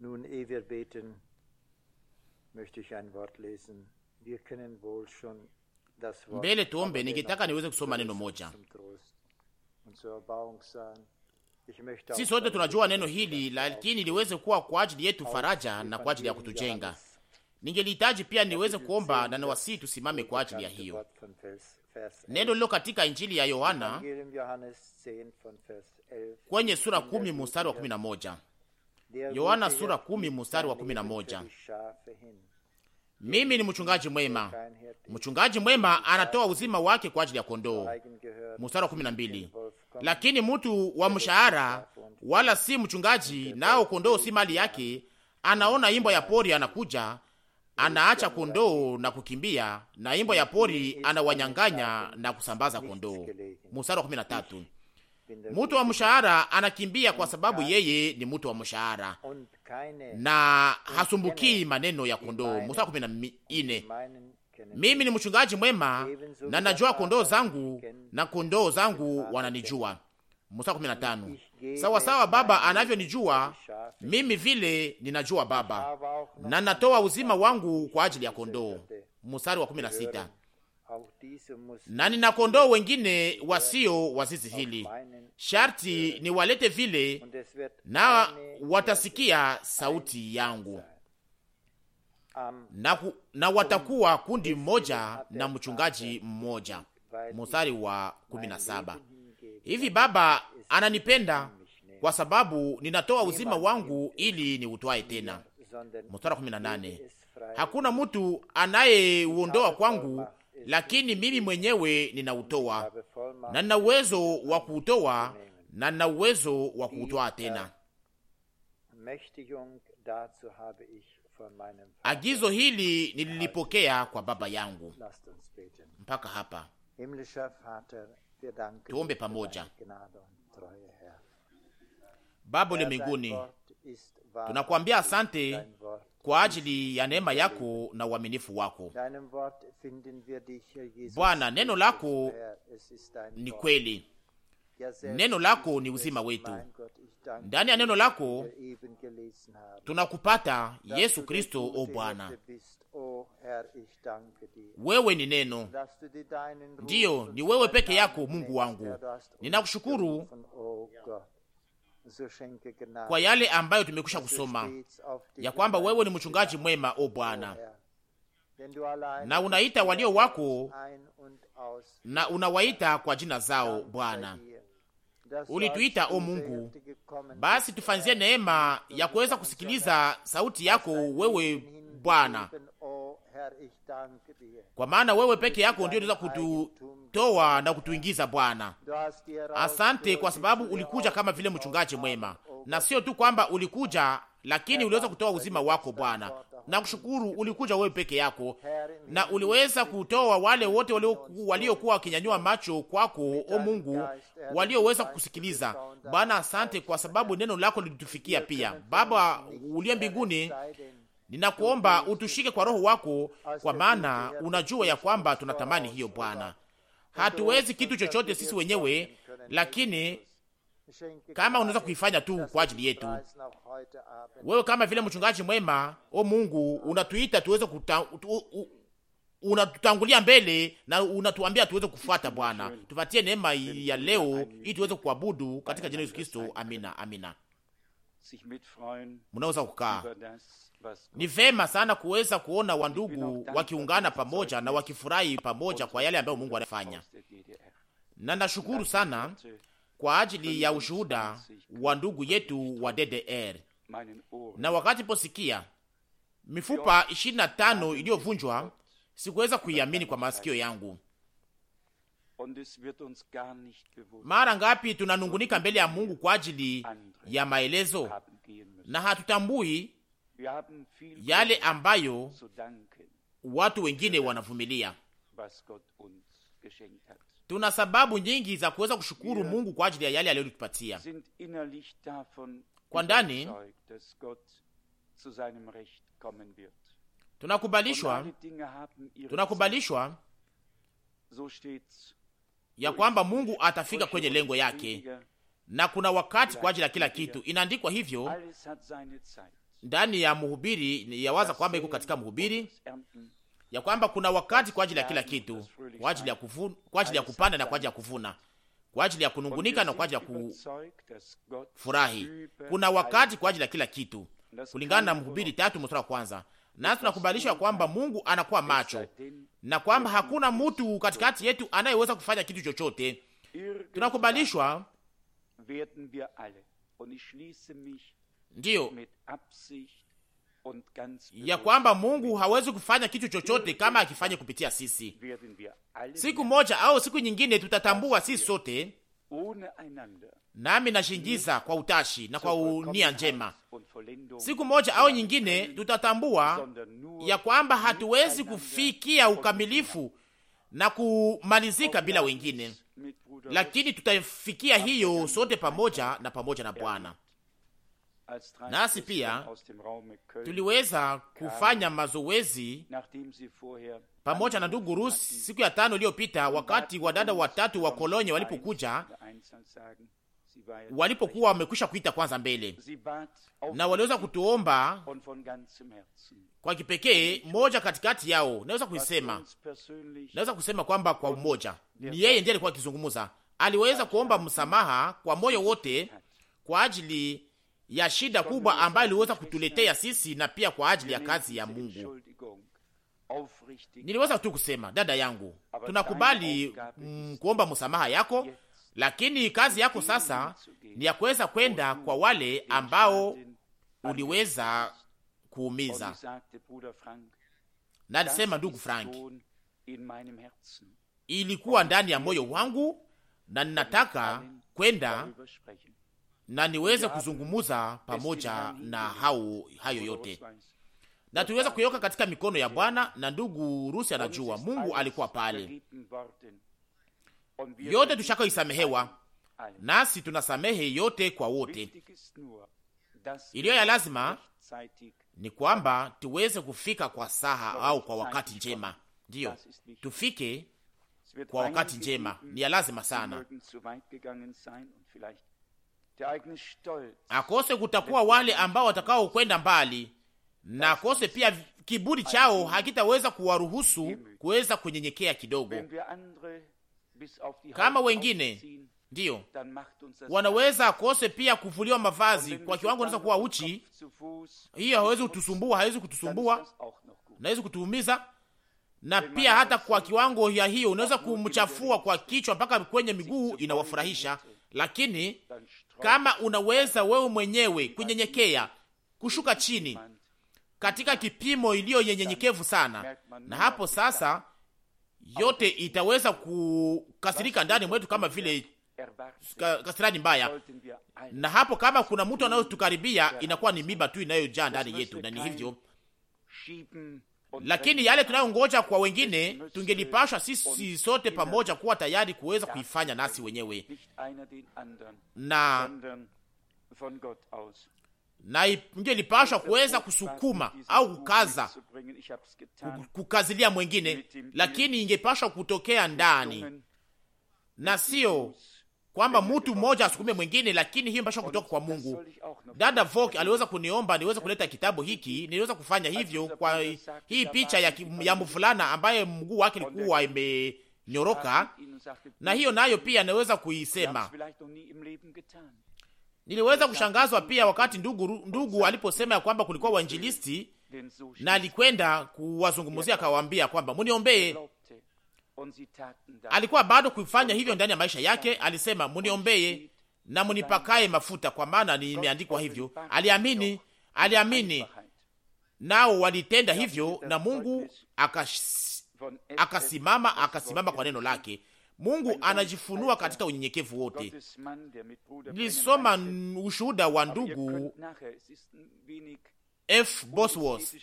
Nun, ehe wir beten, möchte ich ein Wort lesen. Wir können wohl schon das Wort. Mbele tuombe, ningetaka niweze kusoma neno moja. si sote tunajua neno hili, lakini liweze kuwa kwa ajili yetu faraja na kwa ajili ya kutujenga. Ningelihitaji pia niweze kuomba na nawasii tusimame kwa ajili ya hiyo. Neno lilo katika Injili ya Yohana kwenye sura kumi mstari wa kumi na moja. Yohana sura kumi mstari wa kumi na moja. Mimi ni mchungaji mwema, mchungaji mwema anatoa uzima wake kwa ajili ya kondoo. Mstari wa kumi na mbili. Lakini mtu wa mshahara wala si mchungaji, nao kondoo si mali yake, anaona imbo ya pori, anakuja anaacha kondoo na kukimbia, na imbo ya pori anawanyang'anya na kusambaza kondoo. Mstari wa kumi na tatu. Mtu wa mshahara anakimbia kwa sababu yeye ni mtu wa mshahara na hasumbukii maneno ya kondoo. Musa kumi na mimi ni mchungaji mwema na najua kondoo zangu na kondoo zangu wananijua. Musa kumi na tano sawa sawa Baba anavyonijua mimi, vile ninajua Baba na natoa uzima wangu kwa ajili ya kondoo. Musari wa kumi na sita na nina kondoo wengine wasio wazizi hili, sharti niwalete vile, na watasikia sauti yangu, um, na, na watakuwa kundi mmoja na mchungaji mmoja. Mstari wa 17. Hivi Baba ananipenda kwa sababu ninatoa uzima wangu ili niutwae tena. Mstari wa 18. Hakuna mtu anayeuondoa kwangu lakini mimi mwenyewe ninautoa na nina uwezo wa kuutoa na nina uwezo wa kuutoa tena. Agizo hili nililipokea kwa Baba yangu. Mpaka hapa tuombe pamoja. Baba mbinguni, tunakuambia asante kwa ajili ya neema yako na uaminifu wako Bwana. Neno lako ni kweli, neno lako ni uzima wetu. Ndani ya neno lako tunakupata Yesu Kristo. O Bwana, wewe ni neno, ndiyo, ni wewe peke yako. Mungu wangu, ninakushukuru kwa yale ambayo tumekwisha kusoma ya kwamba wewe ni mchungaji mwema, o oh, Bwana, na unaita walio wako na unawaita kwa jina zao. Bwana, ulituita o Mungu, basi tufanzie neema ya kuweza kusikiliza sauti yako wewe Bwana, kwa maana wewe peke yako ndio unaweza kututoa na kutuingiza Bwana. Asante kwa sababu ulikuja kama vile mchungaji mwema, oh, na sio tu kwamba ulikuja, lakini uliweza kutoa uzima wako Bwana. Nakushukuru, ulikuja wewe peke yako na uliweza kutoa wale wote waliokuwa wakinyanyua macho kwako, o Mungu, walioweza kukusikiliza Bwana. Asante kwa sababu neno lako lilitufikia pia. Baba uliye mbinguni, Ninakuomba utushike kwa roho wako, kwa maana unajua ya kwamba tunatamani hiyo Bwana. Hatuwezi kitu chochote sisi wenyewe, lakini kama unaweza kuifanya tu kwa ajili yetu wewe, kama vile mchungaji mwema, o Mungu, unatuita tuweze kuta, unatutangulia mbele na unatuambia tuweze kufuata. Bwana, tupatie neema ya leo ili tuweze kuabudu katika jina Yesu Kristo. Amina, amina. Mnaweza kukaa ni vema sana kuweza kuona wandugu wakiungana pamoja na wakifurahi pamoja kwa yale ambayo Mungu anafanya, na nashukuru sana kwa ajili ya ushuhuda wa ndugu yetu wa DDR. Na wakati posikia mifupa 25 iliyovunjwa, sikuweza kuiamini kwa masikio yangu. Mara ngapi tunanungunika mbele ya Mungu kwa ajili ya maelezo na hatutambui yale ambayo watu wengine wanavumilia. Tuna sababu nyingi za kuweza kushukuru Mungu kwa ajili ya yale aliyotupatia. Kwa ndani tunakubalishwa, tunakubalishwa ya kwamba Mungu atafika kwenye lengo yake, na kuna wakati kwa ajili ya kila kitu. Inaandikwa hivyo ndani ya mhubiri yawaza kwamba iko katika mhubiri ya kwamba kuna wakati kwa ajili ya kila kitu, kwa ajili ya kuvuna, kwa ajili ya kupanda na kwa ajili ya kuvuna, kwa ajili ya kunungunika na kwa ajili ya kufurahi. Kuna wakati kwa ajili ya kila kitu, kulingana na Mhubiri tatu mstari wa kwanza. Nasi tunakubalishwa kwamba Mungu anakuwa macho na kwamba hakuna mtu katikati yetu anayeweza kufanya kitu chochote. Tunakubalishwa ndiyo ya kwamba Mungu hawezi kufanya kitu chochote kama akifanye kupitia sisi. Siku moja au siku nyingine tutatambua sisi sote, nami nashingiza kwa utashi na kwa unia njema. Siku moja au nyingine tutatambua ya kwamba hatuwezi kufikia ukamilifu na kumalizika bila wengine, lakini tutafikia hiyo sote pamoja na pamoja na Bwana nasi pia tuliweza kufanya mazoezi pamoja na ndugu Rusi siku ya tano iliyopita, wakati wadada watatu wa Kolonia walipokuja, walipokuwa wamekwisha kuita kwanza mbele, na waliweza kutuomba kwa kipekee. Moja katikati yao, naweza kuisema, naweza kusema kwamba kwa umoja ni yeye ndiye alikuwa akizungumza. Aliweza kuomba msamaha kwa moyo wote kwa ajili ya shida kubwa ambayo iliweza kutuletea sisi na pia kwa ajili ya kazi ya Mungu. Niliweza tu kusema dada yangu, tunakubali mm, kuomba msamaha yako, lakini kazi yako sasa ni ya kuweza kwenda kwa wale ambao uliweza kuumiza. Na alisema ndugu Frank, ilikuwa ndani ya moyo wangu na ninataka kwenda na niweze kuzungumuza pamoja na hao hayo yote, na tuliweza kuyoka katika mikono ya Bwana na ndugu Rusi anajua Mungu alikuwa pale. Yote tushaka isamehewa, nasi tunasamehe yote kwa wote. Iliyo ya lazima ni kwamba tuweze kufika kwa saha au kwa wakati njema. Ndiyo, tufike kwa wakati njema, ni ya lazima sana akose kutakuwa wale ambao watakao kwenda mbali, na akose pia kiburi chao hakitaweza kuwaruhusu kuweza kunyenyekea kidogo kama wengine ndiyo wanaweza akose pia kuvuliwa mavazi kwa kiwango, naweza kuwa uchi. Hiyo hawezi kutusumbua, hawezi kutusumbua, nawezi kutuumiza. Na pia hata kwa kiwango ya hiyo unaweza kumchafua kwa kichwa mpaka kwenye miguu, inawafurahisha. Lakini kama unaweza wewe mwenyewe kunyenyekea, kushuka chini katika kipimo iliyo yenyenyekevu sana, na hapo sasa yote itaweza kukasirika ndani mwetu kama vile kasirani mbaya. Na hapo kama kuna mtu anayotukaribia, inakuwa ni miba tu inayojaa ndani yetu, na ni hivyo lakini yale tunayongoja kwa wengine, tungelipashwa sisi sote pamoja kuwa tayari kuweza kuifanya nasi wenyewe na na ingelipashwa kuweza kusukuma au kukaza kukazilia mwingine, lakini ingepashwa kutokea ndani na sio kwamba mtu mmoja asukume mwingine, lakini hiyo mpasha kutoka kwa Mungu. Dada Vok aliweza kuniomba niweze kuleta kitabu hiki, niliweza kufanya hivyo kwa hii picha ya, ya mvulana ambaye mguu wake ilikuwa imenyoroka, na hiyo nayo pia naweza kuisema. Niliweza kushangazwa pia wakati ndugu, ndugu aliposema ya kwamba kulikuwa wainjilisti na alikwenda kuwazungumzia akawaambia kwamba muniombee alikuwa bado kuifanya hivyo ndani ya maisha yake. Alisema, muniombeye na munipakaye mafuta, kwa maana nimeandikwa hivyo. Aliamini, aliamini, nao walitenda hivyo, na Mungu akasimama, akasimama kwa neno lake. Mungu anajifunua katika unyenyekevu wote. Nilisoma ushuhuda wa ndugu F. Bosworth,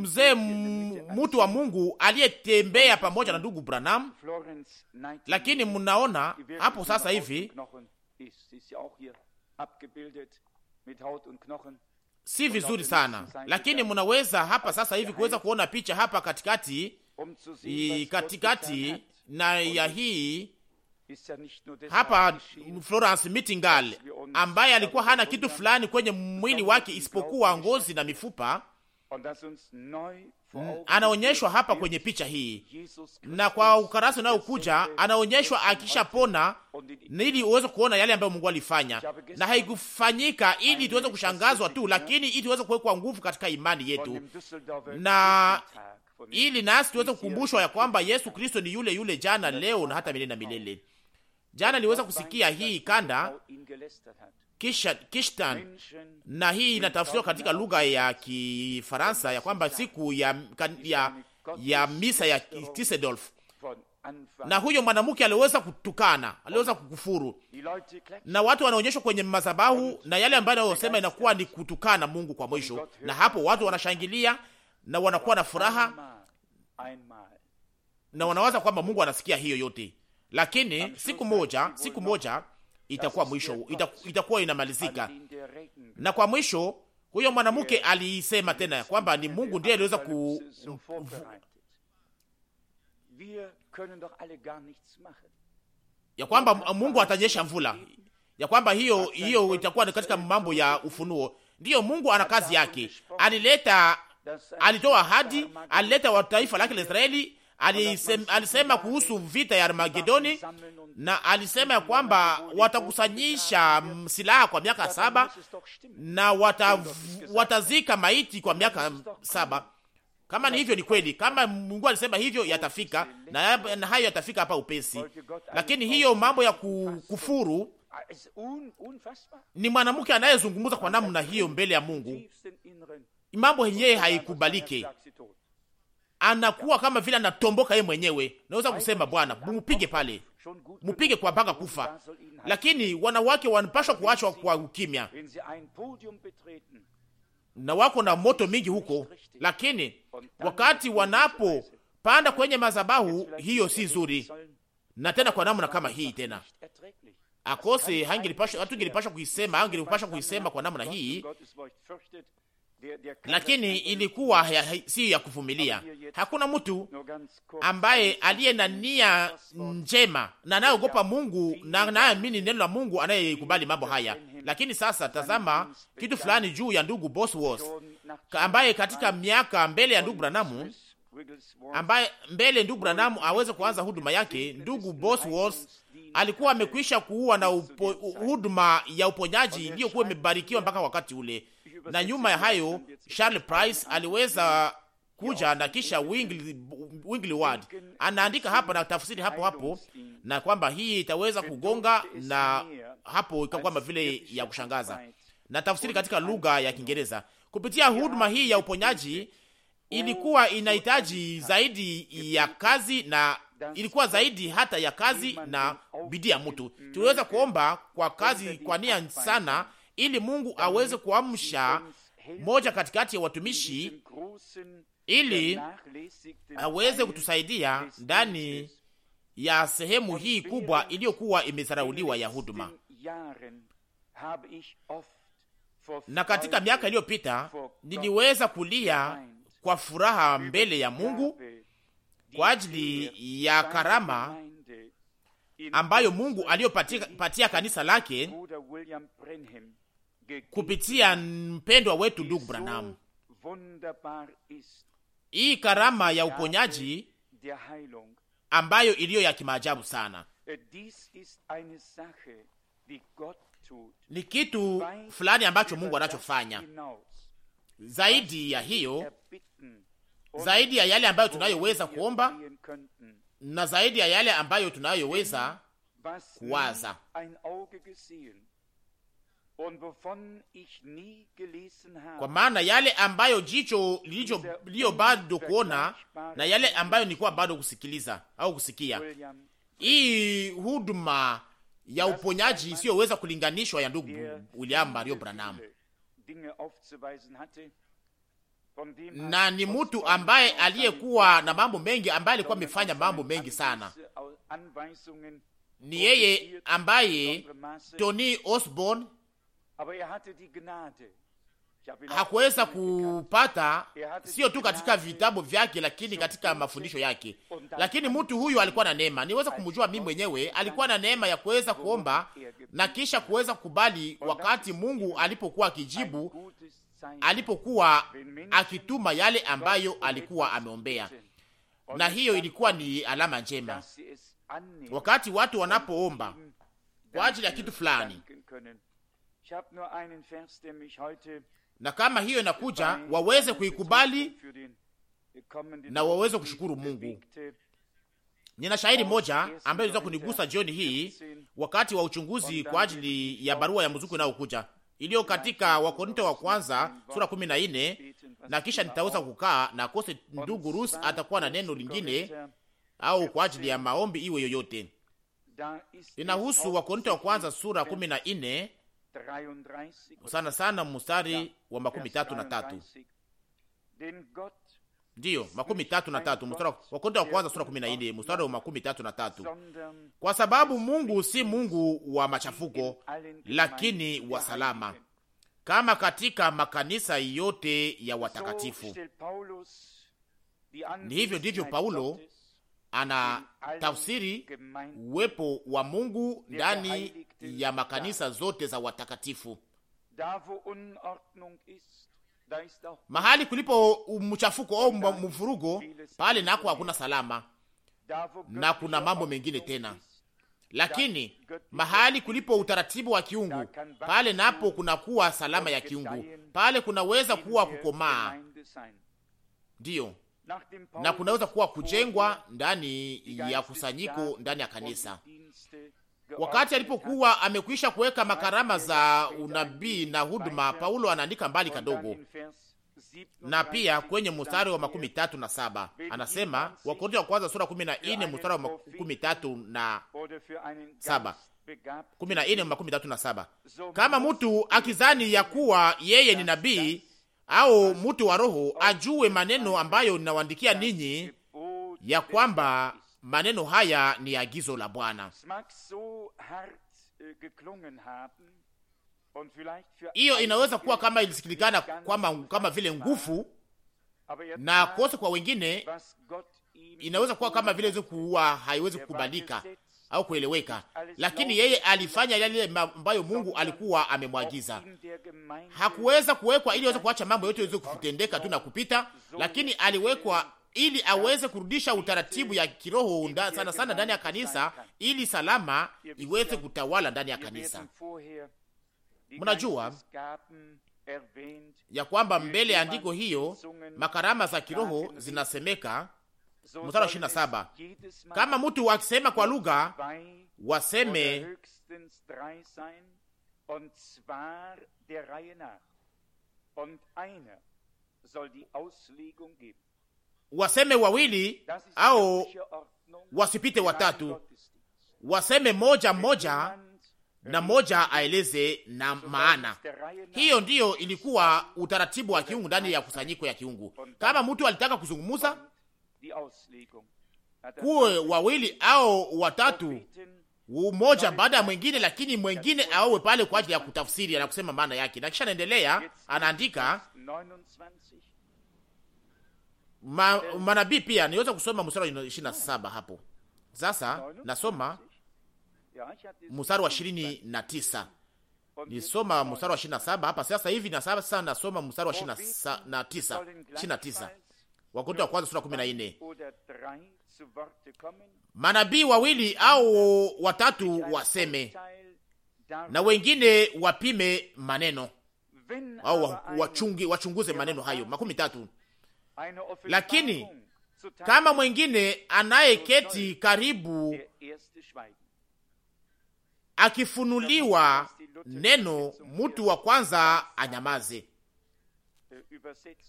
mzee mtu wa Mungu aliyetembea pamoja na ndugu Branham, lakini mnaona hapo sasa hivi si vizuri sana, lakini mnaweza hapa sasa hivi kuweza kuona picha hapa katikati um katikati na ya hii hapa Florence mitingal ambaye alikuwa hana kitu fulani kwenye mwili wake isipokuwa ngozi na mifupa mm, anaonyeshwa hapa kwenye picha hii, na kwa ukarasa unayokuja anaonyeshwa akishapona, ili uweze kuona yale ambayo Mungu alifanya, na haikufanyika ili tuweze kushangazwa tu, lakini ili tuweze kuwekwa nguvu katika imani yetu, na ili nasi tuweze kukumbushwa ya kwamba Yesu Kristo ni yule yule jana, leo na hata milele na milele. Jana niliweza kusikia hii kanda kisha kishtan, na hii inatafsiriwa katika lugha ya Kifaransa ya kwamba siku ya, ya, ya misa ya Tisedolf na huyo mwanamke aliweza kutukana, aliweza kukufuru, na watu wanaonyeshwa kwenye madhabahu, na yale ambayo anayosema inakuwa ni kutukana Mungu kwa mwisho, na hapo watu wanashangilia na wanakuwa na furaha na wanawaza kwamba Mungu anasikia hiyo yote lakini siku moja, siku moja itakuwa mwisho, itakuwa inamalizika. Na kwa mwisho, huyo mwanamke aliisema tena kwamba ni Mungu ndiye aliweza ku ya kwamba Mungu atanyesha mvula, ya kwamba hiyo hiyo itakuwa ni katika mambo ya ufunuo. Ndiyo, Mungu ana kazi er yake, alileta er alitoa ahadi, alileta wa taifa lake la Israeli alisema, alisema kuhusu vita ya Armagedoni na alisema ya kwamba watakusanyisha silaha kwa miaka saba na watav, watazika maiti kwa miaka saba. Kama ni hivyo, ni kweli. Kama Mungu alisema hivyo, yatafika na, na hayo yatafika hapa upesi. Lakini hiyo mambo ya kufuru ni mwanamke anayezungumza kwa namna hiyo mbele ya Mungu, mambo yenyewe haikubaliki anakuwa kama vile anatomboka yeye mwenyewe. Naweza kusema Bwana, mupige pale, mupige kwa mpaka kufa, lakini wanawake wanapashwa kuachwa kwa ukimya, na wako na moto mingi huko, lakini wakati wanapopanda kwenye madhabahu, hiyo si nzuri, na tena kwa namna kama hii tena akose hangilipasha hatungelipasha kuisema, hangelipasha kuisema kwa namna hii lakini ilikuwa si ya kuvumilia. Hakuna mtu ambaye aliye na nia njema na anayeogopa Mungu na anayeamini neno la Mungu anayekubali mambo haya. Lakini sasa tazama kitu fulani juu ya ndugu Bosworth ambaye katika miaka mbele ya ndugu Branamu ambaye mbele ndugu Branamu aweze kuanza huduma yake, ndugu Bosworth alikuwa amekwisha kuua na upo, huduma ya uponyaji iliyokuwa imebarikiwa mpaka wakati ule. Na nyuma ya hayo Charles Price aliweza kuja na kisha Wingly Ward anaandika hapa na tafsiri hapo hapo, na kwamba hii itaweza kugonga na hapo ikakwamba vile ya kushangaza na tafsiri katika lugha ya Kiingereza kupitia huduma hii ya uponyaji ilikuwa inahitaji zaidi ya kazi na ilikuwa zaidi hata ya kazi na bidii ya mtu. Tuliweza kuomba kwa kazi, kwa nia sana, ili Mungu aweze kuamsha moja katikati ya watumishi, ili aweze kutusaidia ndani ya sehemu hii kubwa iliyokuwa imezarauliwa ya huduma. Na katika miaka iliyopita niliweza kulia kwa furaha mbele ya Mungu kwa ajili ya karama ambayo Mungu aliyopatia kanisa lake kupitia mpendwa wetu ndugu Branham. Hii karama ya uponyaji ambayo iliyo ya kimaajabu sana ni kitu fulani ambacho Mungu anachofanya. Zaidi ya hiyo, zaidi ya yale ambayo tunayoweza kuomba na zaidi ya yale ambayo tunayoweza kuwaza. Kwa maana yale ambayo jicho liyo bado kuona na yale ambayo nilikuwa bado kusikiliza au kusikia, hii huduma ya uponyaji isiyoweza kulinganishwa ya ndugu William Mario Branham na ni mtu ambaye aliyekuwa na mambo mengi, ambaye alikuwa amefanya mambo mengi sana. Ni yeye ambaye Tony Osborne hakuweza kupata, sio tu katika vitabu vyake, lakini katika mafundisho yake. Lakini mtu huyu alikuwa na neema, niweza kumjua mimi mwenyewe, alikuwa na neema ya kuweza kuomba na kisha kuweza kukubali wakati Mungu alipokuwa akijibu alipokuwa akituma yale ambayo alikuwa ameombea, na hiyo ilikuwa ni alama njema. Wakati watu wanapoomba kwa ajili ya kitu fulani, na kama hiyo inakuja, waweze kuikubali na waweze kushukuru Mungu. Nina shahiri moja ambayo iliweza kunigusa jioni hii wakati wa uchunguzi kwa ajili ya barua ya mzuku inayokuja iliyo katika Wakorinto wa kwanza sura kumi na kisha nitaweza kukaa na kose ndugu Rus atakuwa na neno lingine au kwa ajili ya maombi iwe yoyote. Inahusu Wakorinto wa kwanza sura 14 sana sana mstari wa makumi tatu na tatu ndiyo makumi tatu na tatu mstari Wakorintho wa kwanza sura kumi na nne mstari wa makumi tatu na tatu kwa sababu Mungu si Mungu wa machafuko, lakini wa salama, kama katika makanisa yote ya watakatifu. Ni hivyo ndivyo Paulo ana tafsiri uwepo wa Mungu ndani ya makanisa zote za watakatifu. Unordnung Mahali kulipo mchafuko au mvurugo, pale nako hakuna salama na kuna mambo mengine tena, lakini mahali kulipo utaratibu wa kiungu, pale napo kunakuwa salama ya kiungu, pale kunaweza kuwa kukomaa, ndiyo, na kunaweza kuwa kujengwa ndani ya kusanyiko, ndani ya kanisa Wakati alipokuwa amekwisha kuweka makarama za unabii na huduma, Paulo anaandika mbali kadogo na pia kwenye mstari wa makumi tatu na saba anasema, Wakorinto wa kwanza sura kumi na ine mstari wa makumi tatu na saba kumi na ine makumi tatu na saba Kama mtu akizani ya kuwa yeye ni nabii au mtu wa roho, ajue maneno ambayo ninawaandikia ninyi, ya kwamba Maneno haya ni agizo la Bwana. Äh, Hiyo inaweza kuwa kama ilisikilikana kama, kama vile nguvu na kose kwa wengine inaweza kuwa kama vile wezi kuua, haiwezi er kukubalika au kueleweka, lakini yeye alifanya yale ambayo Mungu alikuwa amemwagiza. Hakuweza kuwekwa ili aweze kuacha mambo yote iweze kutendeka tu na kupita, lakini aliwekwa ili aweze kurudisha utaratibu ya kiroho unda, sana sana ndani ya kanisa, ili salama iweze kutawala ndani ya kanisa. Mnajua ya kwamba mbele ya andiko hiyo makarama za kiroho zinasemeka mstari wa 27, kama mtu akisema kwa lugha waseme waseme wawili au wasipite watatu, waseme moja moja na moja aeleze na maana. Hiyo ndiyo ilikuwa utaratibu wa kiungu ndani ya kusanyiko ya kiungu. Kama mtu alitaka kuzungumuza, kuwe wawili au watatu, umoja baada ya mwengine, lakini mwengine awe pale kwa ajili ya kutafsiri na kusema maana yake. Na kisha anaendelea, anaandika ma, manabii pia niweza kusoma mstari wa ishirini na saba hapo sasa. Nasoma mstari wa ishirini na tisa nisoma mstari wa ishirini na saba hapa sasa hivi na sasa nasoma mstari wa ishirini na tisa ishirini na tisa Wakorintho wa kwanza sura kumi na nne manabii wawili au watatu waseme na wengine wapime maneno au wachungi, wachunguze maneno hayo makumi tatu lakini kama mwengine anayeketi karibu akifunuliwa neno, mtu wa kwanza anyamaze.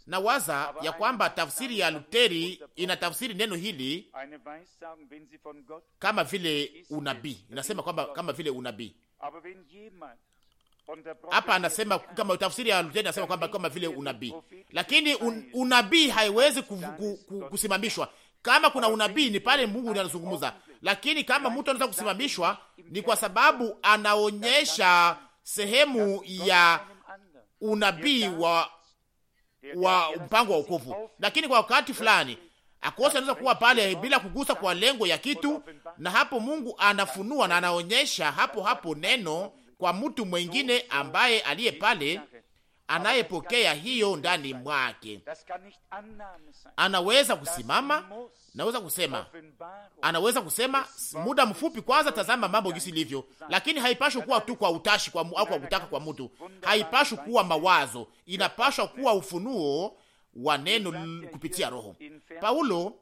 Na waza ya kwamba tafsiri ya Luteri ina tafsiri neno hili kama vile unabii, inasema kwamba kama vile unabii hapa anasema kama tafsiri ya Luteni anasema kwamba kama vile unabii, lakini un, unabii haiwezi kusimamishwa. Kama kuna unabii ni pale Mungu ndiye anazungumza, lakini kama mtu anaweza kusimamishwa ni kwa sababu anaonyesha sehemu ya unabii wa wa mpango wa wokovu, lakini kwa wakati fulani akose anaweza kuwa pale bila kugusa kwa lengo ya kitu, na hapo Mungu anafunua na anaonyesha hapo hapo neno kwa mtu mwengine ambaye aliye pale anayepokea hiyo ndani mwake, anaweza kusimama, naweza kusema, anaweza kusema muda mfupi, kwanza tazama mambo jinsi ilivyo, lakini haipashwi kuwa tu kwa utashi kwa, au kwa kutaka kwa mtu, haipashwi kuwa mawazo, inapashwa kuwa ufunuo wa neno kupitia Roho. Paulo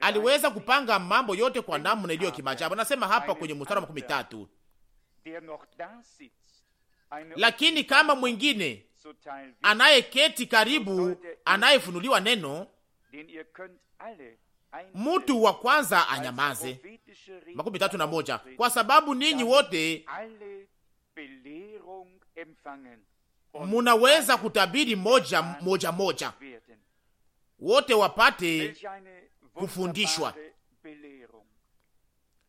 aliweza kupanga mambo yote kwa namna iliyo kimajabu. Anasema hapa kwenye mstari wa makumi tatu lakini kama mwingine anayeketi karibu, anayefunuliwa neno, mtu wa kwanza anyamaze. Makumi tatu na moja. Kwa sababu ninyi yaani, wote munaweza kutabiri moja moja moja, wote wapate kufundishwa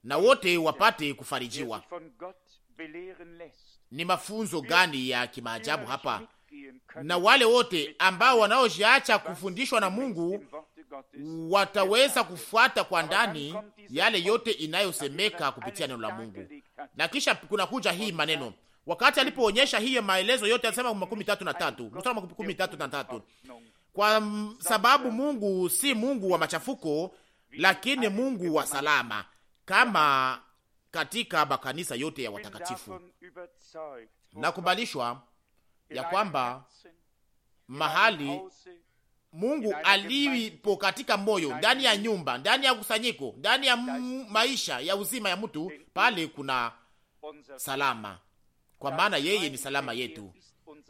na wote wapate kufarijiwa. Ni mafunzo gani ya kimaajabu hapa! Na wale wote ambao wanaojiacha kufundishwa na Mungu wataweza kufuata kwa ndani yale yote inayosemeka kupitia neno la Mungu. Na kisha kunakuja hii maneno wakati alipoonyesha hiyo maelezo yote, alisema makumi tatu na tatu mstari makumi tatu na tatu kwa sababu Mungu si Mungu wa machafuko, lakini Mungu wa salama, kama katika makanisa yote ya watakatifu. Nakubalishwa ya kwamba mahali Mungu alipo katika moyo, ndani ya nyumba, ndani ya kusanyiko, ndani ya maisha ya uzima ya mtu, pale kuna salama, kwa maana yeye ni salama yetu.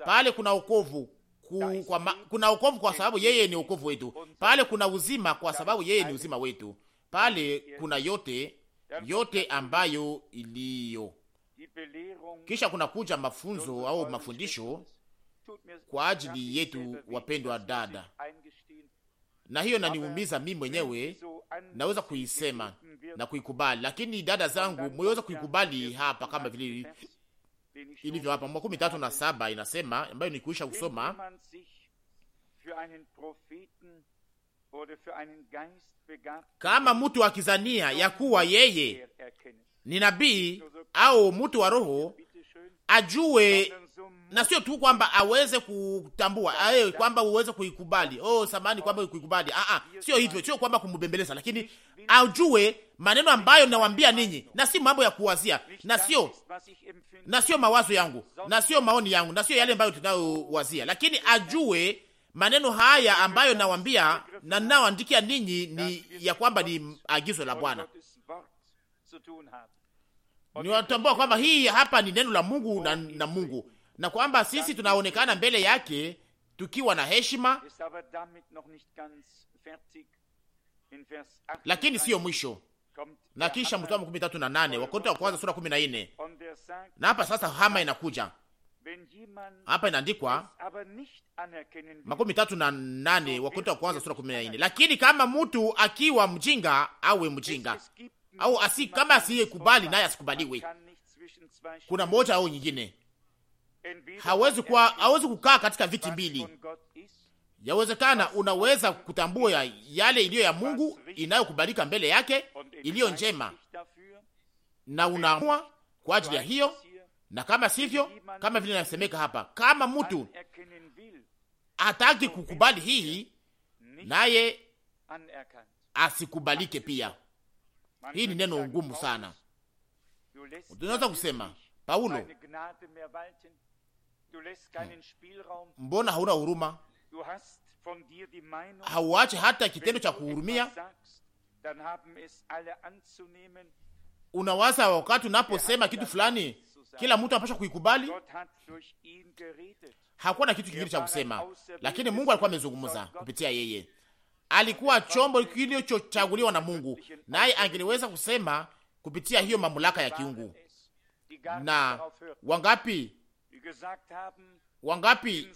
Pale kuna wokovu ku, kwa ma, kuna wokovu kwa sababu yeye ni wokovu wetu. Pale kuna uzima kwa sababu yeye ni uzima wetu. Pale kuna yote yote ambayo iliyo. Kisha kuna kuja mafunzo au mafundisho kwa ajili yetu, wapendwa dada, na hiyo naniumiza mimi mwenyewe, naweza kuisema na kuikubali, lakini dada zangu mweweza kuikubali hapa kama vile ilivyo hapa. Makumi tatu na saba inasema ambayo nikuisha kusoma kama mtu akizania ya kuwa yeye ni nabii au mtu wa roho, ajue na sio tu kwamba aweze kutambua kwamba uweze kuikubali. Oh, samani kwamba kuikubali, ah ah, sio hivyo, sio kwamba kumbembeleza, lakini ajue maneno ambayo nawambia ninyi, na si mambo ya kuwazia, na sio na sio mawazo yangu, na sio maoni yangu, na sio yale ambayo tunayowazia, lakini ajue Maneno haya ambayo nawambia na ninaoandikia ninyi ni ya kwamba ni agizo la Bwana. Niwatambua kwamba hii hapa ni neno la Mungu na, na Mungu na kwamba sisi tunaonekana mbele yake tukiwa na heshima, lakini siyo mwisho. Na kisha mstari wa tatu na nane Wakorintho wa kwanza sura 14, na hapa sasa hama inakuja hapa inaandikwa makumi tatu na nane Wakorintho wa kwanza sura kumi na nne lakini kama mtu akiwa mjinga awe mjinga au asi, kama asiyekubali naye asikubaliwe. Kuna moja au nyingine, hawezi kuwa hawezi kukaa katika viti mbili. Yawezekana unaweza kutambua ya yale iliyo ya Mungu inayokubalika mbele yake iliyo njema, na unaamua kwa ajili ya hiyo na kama sivyo, kama vile nasemeka hapa, kama mtu hataki kukubali hii, naye asikubalike pia. Hii ni neno ngumu sana. Tunaweza kusema Paulo, mbona hauna huruma? Hauache hata kitendo cha kuhurumia Unawaza wakati unaposema kitu fulani, kila mtu anapaswa kuikubali. Hakuwa na kitu kingine cha kusema, lakini Mungu alikuwa amezungumza kupitia yeye. Alikuwa chombo kilichochaguliwa na Mungu, naye angeliweza kusema kupitia hiyo mamlaka ya kiungu. Na wangapi wangapi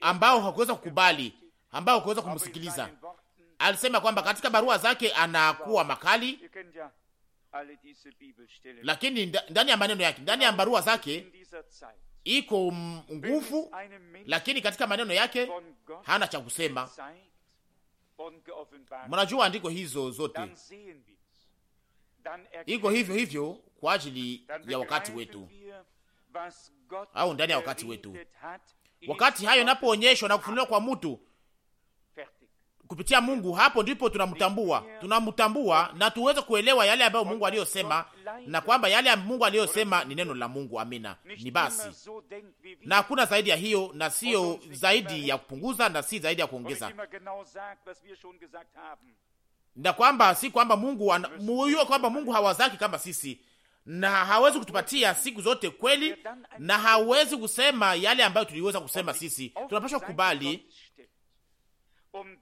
ambao hakuweza kukubali, ambao hakuweza kumsikiliza, alisema kwamba katika barua zake anakuwa makali, lakini ndani ya maneno yake, ndani ya barua zake iko nguvu, lakini katika maneno yake hana cha kusema. Mnajua andiko hizo zote iko hivyo hivyo kwa ajili ya wakati wetu, au ndani ya wakati wetu. Wakati hayo inapoonyeshwa na kufunuliwa kwa mtu kupitia Mungu. Hapo ndipo tunamtambua, tunamtambua na tuweze kuelewa yale ambayo Mungu aliyosema, na kwamba yale Mungu aliyosema ni neno la Mungu. Amina, ni basi, na hakuna zaidi ya hiyo, na sio zaidi ya kupunguza, na si zaidi ya kuongeza, na kwamba si kwamba Mungu anajua kwamba Mungu hawazaki kama sisi na hawezi kutupatia siku zote kweli, na hawezi kusema yale ambayo tuliweza kusema sisi. Tunapaswa kukubali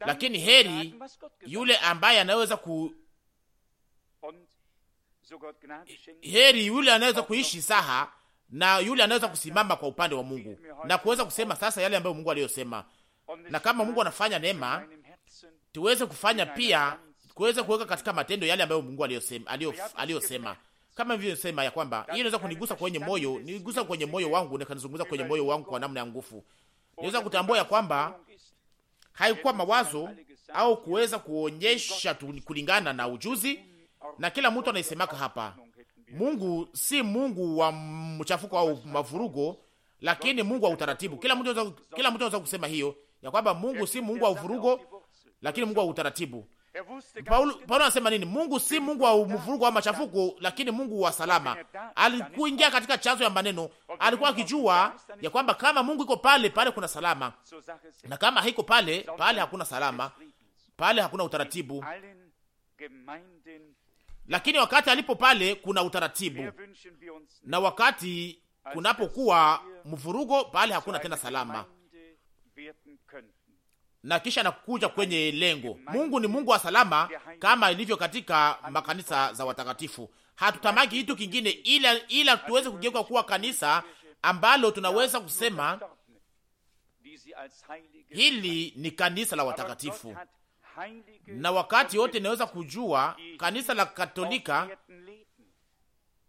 lakini heri yule ambaye anaweza ku heri yule anaweza kuishi saha na yule anaweza kusimama kwa upande wa Mungu na kuweza kusema sasa yale ambayo Mungu aliyosema, na kama Mungu anafanya neema, tuweze kufanya pia, kuweza kuweka katika matendo yale ambayo Mungu aliyosema aliyosema, kama vile sema ya kwamba hiyo inaweza kunigusa kwenye moyo, nigusa kwenye moyo wangu nikanizunguza kwenye moyo wangu kwa namna ya nguvu, niweza kutambua ya kwamba haikuwa mawazo au kuweza kuonyesha kulingana na ujuzi, na kila mtu anaisemaka hapa, Mungu si Mungu wa mchafuko au mavurugo, lakini Mungu wa utaratibu. Kila mtu anaweza, kila mtu anaweza kusema hiyo ya kwamba Mungu si Mungu wa uvurugo, lakini Mungu wa utaratibu. Paulo anasema nini? Mungu si Mungu wa mvurugo wa machafuko, lakini Mungu wa salama. Alikuingia katika chanzo ya maneno, alikuwa akijua ya kwamba kama Mungu iko pale, pale kuna salama, na kama haiko pale, pale hakuna salama, pale hakuna utaratibu. Lakini wakati alipo pale, kuna utaratibu, na wakati kunapokuwa mvurugo, pale hakuna tena salama na kisha nakuja kwenye lengo. Mungu ni Mungu wa salama, kama ilivyo katika makanisa za watakatifu. Hatutamaki kitu kingine ila, ila tuweze kugeuka kuwa kanisa ambalo tunaweza kusema hili ni kanisa la watakatifu, na wakati wote inaweza kujua kanisa la Katolika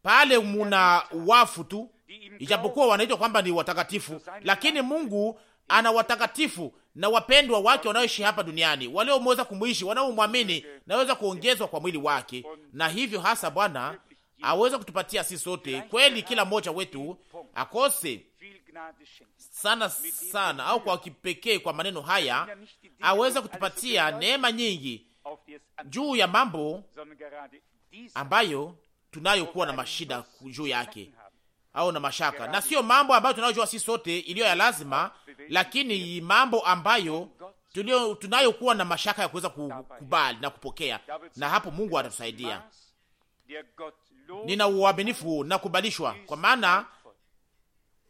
pale muna wafu tu, ijapokuwa wanaitwa kwamba ni watakatifu, lakini Mungu ana watakatifu na wapendwa wake wanaoishi hapa duniani, walioweza kumwishi, wanaomwamini, naweza kuongezwa kwa mwili wake. Na hivyo hasa Bwana aweze kutupatia sisi sote kweli, kila mmoja wetu akose sana sana, au kwa kipekee kwa maneno haya aweze kutupatia neema nyingi juu ya mambo ambayo tunayokuwa na mashida juu yake, au na mashaka, na sio mambo ambayo tunayojua sisi sote iliyo ya lazima, lakini mambo ambayo tulio tunayokuwa na mashaka ya kuweza kukubali na kupokea, na hapo Mungu atatusaidia. Nina uaminifu na kubalishwa, kwa maana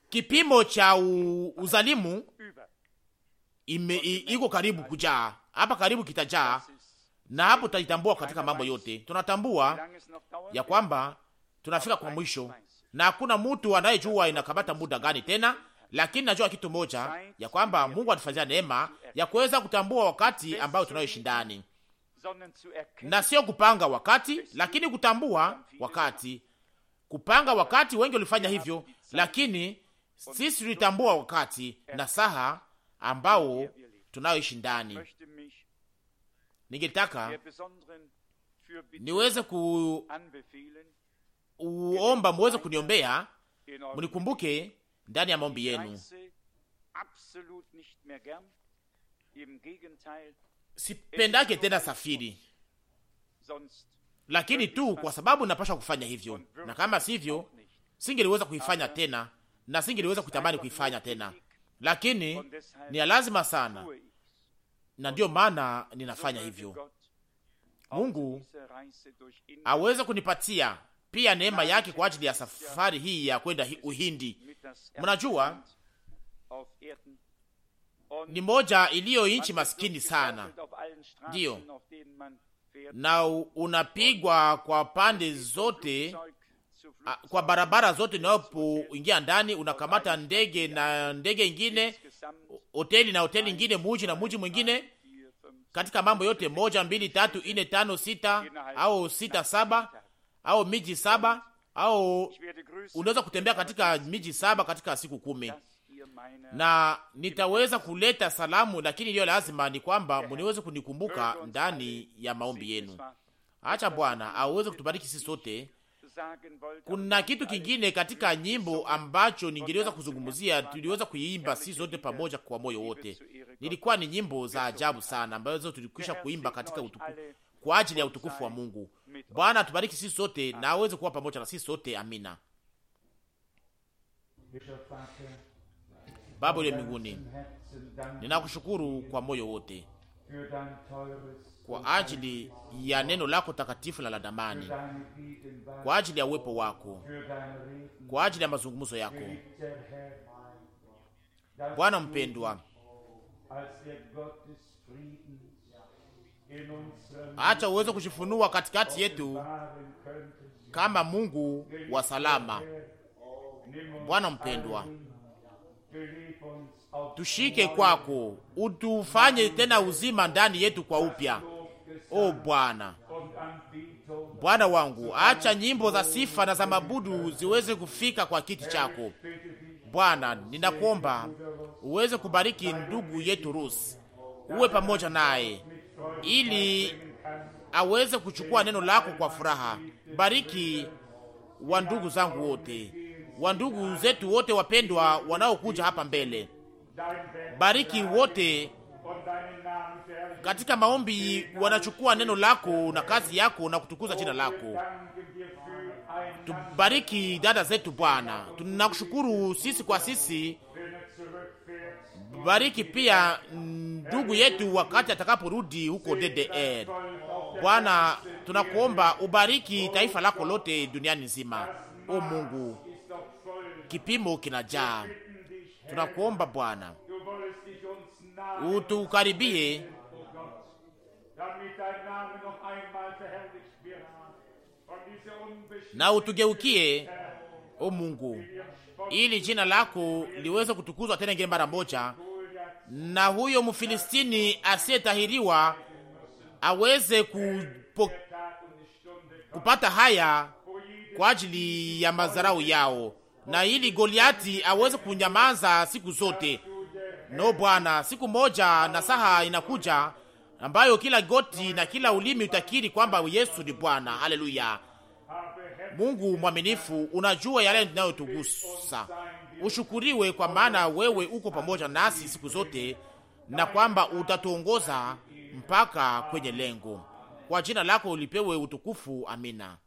kipimo cha u, uzalimu ime, i, iko karibu kujaa hapa, karibu kitajaa, na hapo tutajitambua katika mambo yote. Tunatambua ya kwamba tunafika kwa mwisho na hakuna mtu anayejua inakamata muda gani tena, lakini najua kitu moja ya kwamba Mungu anatufanyia neema ya kuweza kutambua wakati ambao tunaoishi ndani, na sio kupanga wakati, lakini kutambua wakati. Kupanga wakati, wengi walifanya hivyo, lakini sisi tulitambua wakati na saha ambao tunayoishi ndani. Ningetaka niweze ku uomba muweze kuniombea, mnikumbuke ndani ya maombi yenu. Sipendake tena safiri, lakini tu kwa sababu napasha kufanya hivyo, na kama sivyo singeliweza kuifanya tena na singeliweza kutamani kuifanya tena, lakini ni ya lazima sana, na ndiyo maana ninafanya hivyo. Mungu aweze kunipatia pia neema yake kwa ajili ya safari hii ya kwenda Uhindi. Mnajua ni moja iliyo nchi maskini sana, ndiyo, na unapigwa kwa pande zote, kwa barabara zote. Unapoingia ndani, unakamata ndege na ndege ingine, hoteli na hoteli ingine, muji na muji mwingine, katika mambo yote moja, mbili, tatu, nne, tano, sita au sita, saba au miji saba au unaweza kutembea katika miji saba katika siku kumi, na nitaweza kuleta salamu, lakini iliyo lazima ni kwamba mniweze kunikumbuka ndani ya maombi yenu. Acha Bwana aweze kutubariki sisi sote. Kuna kitu kingine katika nyimbo ambacho ningeliweza kuzungumzia, tuliweza kuiimba sisi zote pamoja kwa moyo wote. Nilikuwa ni nyimbo za ajabu sana ambazo tulikwisha kuimba katika utukufu kwa ajili ya utukufu wa Mungu. Bwana atubariki sisi sote ah. na aweze kuwa pamoja na sisi sote amina. Baba uliye mbinguni, ninakushukuru kwa moyo wote kwa ajili ya neno lako takatifu na la damani, kwa ajili ya uwepo wako, kwa ajili ya mazungumzo yako. Bwana mpendwa, acha uweze kujifunua katikati yetu kama Mungu wa salama. Bwana mpendwa, tushike kwako, utufanye tena uzima ndani yetu kwa upya. O Bwana, Bwana wangu, acha nyimbo za sifa na za mabudu ziweze kufika kwa kiti chako. Bwana, ninakuomba uweze kubariki ndugu yetu Rusi, uwe pamoja naye ili aweze kuchukua neno lako kwa furaha. Bariki wandugu zangu wote, wandugu zetu wote wapendwa, wanaokuja hapa mbele. Bariki wote katika maombi, wanachukua neno lako na kazi yako na kutukuza jina lako. Tubariki dada zetu Bwana, tunakushukuru sisi kwa sisi bariki pia ndugu yetu wakati atakaporudi huko DDR. Bwana, tunakuomba ubariki taifa lako lote duniani nzima. O Mungu, kipimo kinajaa. Tunakuomba Bwana, utukaribie na utugeukie, o Mungu, ili jina lako liweze kutukuzwa tena ingine mara moja na huyo Mfilistini asiyetahiriwa aweze kupo, kupata haya kwa ajili ya madharau yao, na ili Goliati aweze kunyamaza siku zote. No Bwana, siku moja na saha inakuja ambayo kila goti na kila ulimi utakiri kwamba Yesu ni Bwana. Haleluya! Mungu mwaminifu, unajua yale inayotugusa ushukuriwe, kwa maana wewe uko pamoja nasi siku zote na kwamba utatuongoza mpaka kwenye lengo. Kwa jina lako ulipewe utukufu. Amina.